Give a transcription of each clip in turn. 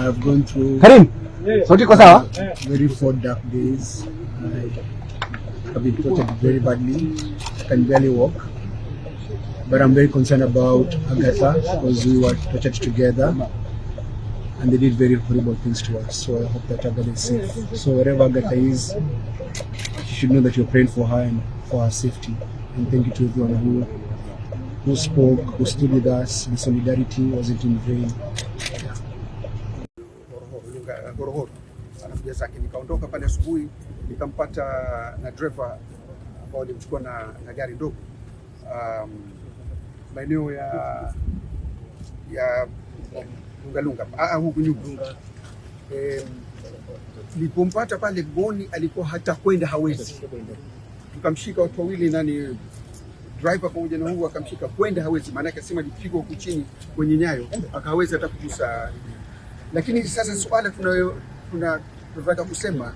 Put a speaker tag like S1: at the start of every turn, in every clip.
S1: I've gone through.
S2: Karim. Sauti iko sawa?
S3: Very four dark days. I have been treated very badly. I can barely walk. But I'm very concerned about Agatha because we were tortured together and they did very horrible things to us. So I hope that Agatha is safe. So wherever Agatha is, she should know that you're praying for her and for her safety. And thank you to everyone who who spoke, who stood with us, in solidarity wasn't in vain.
S1: Morogoro, anakuja zake. Nikaondoka pale asubuhi, nikampata na driver ambao alimchukua na, na gari ndogo um, maeneo ya ya Lungalunga ah, ah, huku Nyungu. Nilipompata pale Goni alikuwa hata kwenda hawezi, tukamshika watu wawili, nani driver pamoja na huyu, akamshika kwenda hawezi, maanake asema alipigwa huku chini kwenye nyayo, akaweza hata kugusa lakini sasa suala tunataka kusema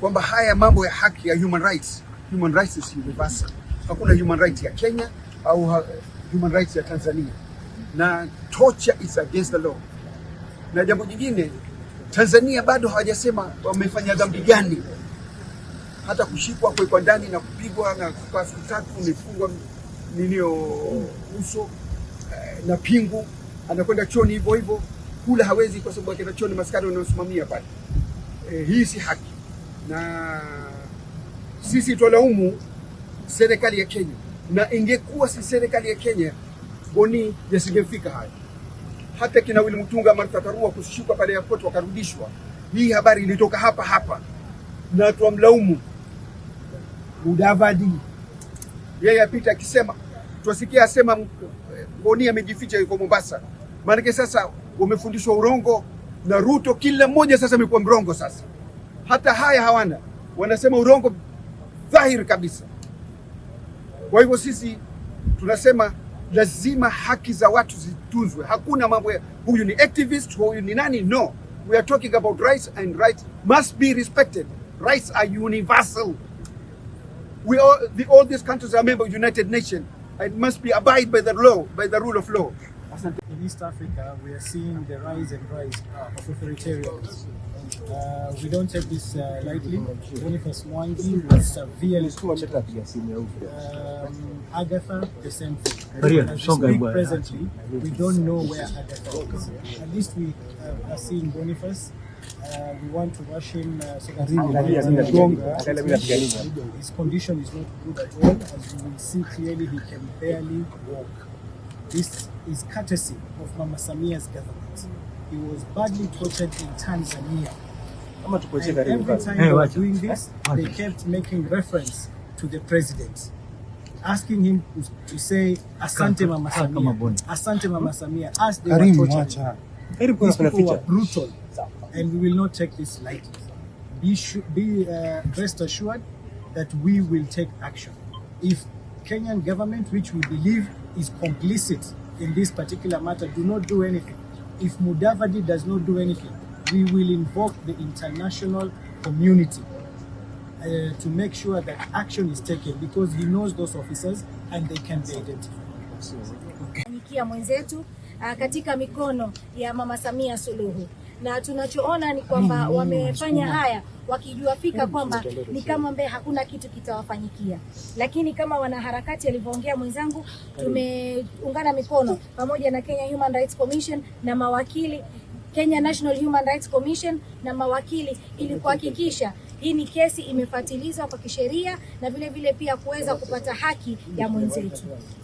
S1: kwamba haya mambo ya haki ya human rights, human rights is universal. Hakuna human rights ya Kenya au human rights ya Tanzania, na torture is against the law. Na jambo jingine, Tanzania bado hawajasema wamefanya dhambi gani, hata kushikwa, kuwekwa ndani na kupigwa na kukaa siku tatu, umefungwa ninio oh, uso eh, na pingu, anakwenda choni hivyo hivyo kula hawezi kwa sababu akenda chooni maskari wanaosimamia pale. E, hii si haki, na sisi twalaumu serikali ya Kenya, na ingekuwa si serikali ya Kenya Boni yasingefika haya. Hata kina Willy Mutunga, Martha Karua kushuka pale airport wakarudishwa, hii habari ilitoka hapa hapa, na twamlaumu Mudavadi, yeye apita akisema, twasikia asema eh, Boni amejificha yuko Mombasa, maanake sasa wamefundishwa urongo na Ruto, kila mmoja sasa amekuwa mrongo. Sasa hata haya hawana, wanasema urongo dhahiri kabisa. Kwa hivyo sisi tunasema lazima haki za watu zitunzwe. Hakuna mambo ya huyu ni activist, huyu ni nani. No, we are talking about rights and rights must be respected. Rights are universal. We all, the, all these countries are member of United Nations and must be abide by the law, by the rule of law.
S4: Asante. East Africa, we are seeing the rise and rise of authoritarianism. Uh, we don't take this uh, lightly. Boniface Mwangi was severely
S2: um, Agatha,
S4: the same thing. As we
S2: uh, presently,
S4: we don't know where Agatha is. At least we uh, are seeing Boniface. Uh, we want to rush him uh, so
S2: that he
S4: is his condition is not good at all. As you will see clearly, he can barely walk. This is courtesy of Mama Samia's government. He was badly tortured in Tanzania. And every time they were doing this, they kept making reference to the president, asking him to say, Asante Mama Samia, Asante Mama Samia, as they were tortured. These people were brutal, and we will not take this lightly. Be, be uh, rest assured that we will take action. If Kenyan government, which we believe is complicit in this particular matter do not do anything. If Mudavadi does not do anything, we will invoke the international community uh, to make sure that action is taken because he knows those officers and they can be identified.
S5: Okay. Mwenzetu uh, katika mikono ya Mama Samia Suluhu na tunachoona ni kwamba mm, mm, wamefanya mm. haya wakijua fika kwamba ni kama mbe hakuna kitu kitawafanyikia, lakini kama wanaharakati alivyoongea mwenzangu, tumeungana mikono pamoja na Kenya Human Rights Commission na mawakili Kenya National Human Rights Commission na mawakili ili kuhakikisha hii ni kesi imefatilizwa kwa kisheria na vile vile pia kuweza kupata haki ya mwenzetu.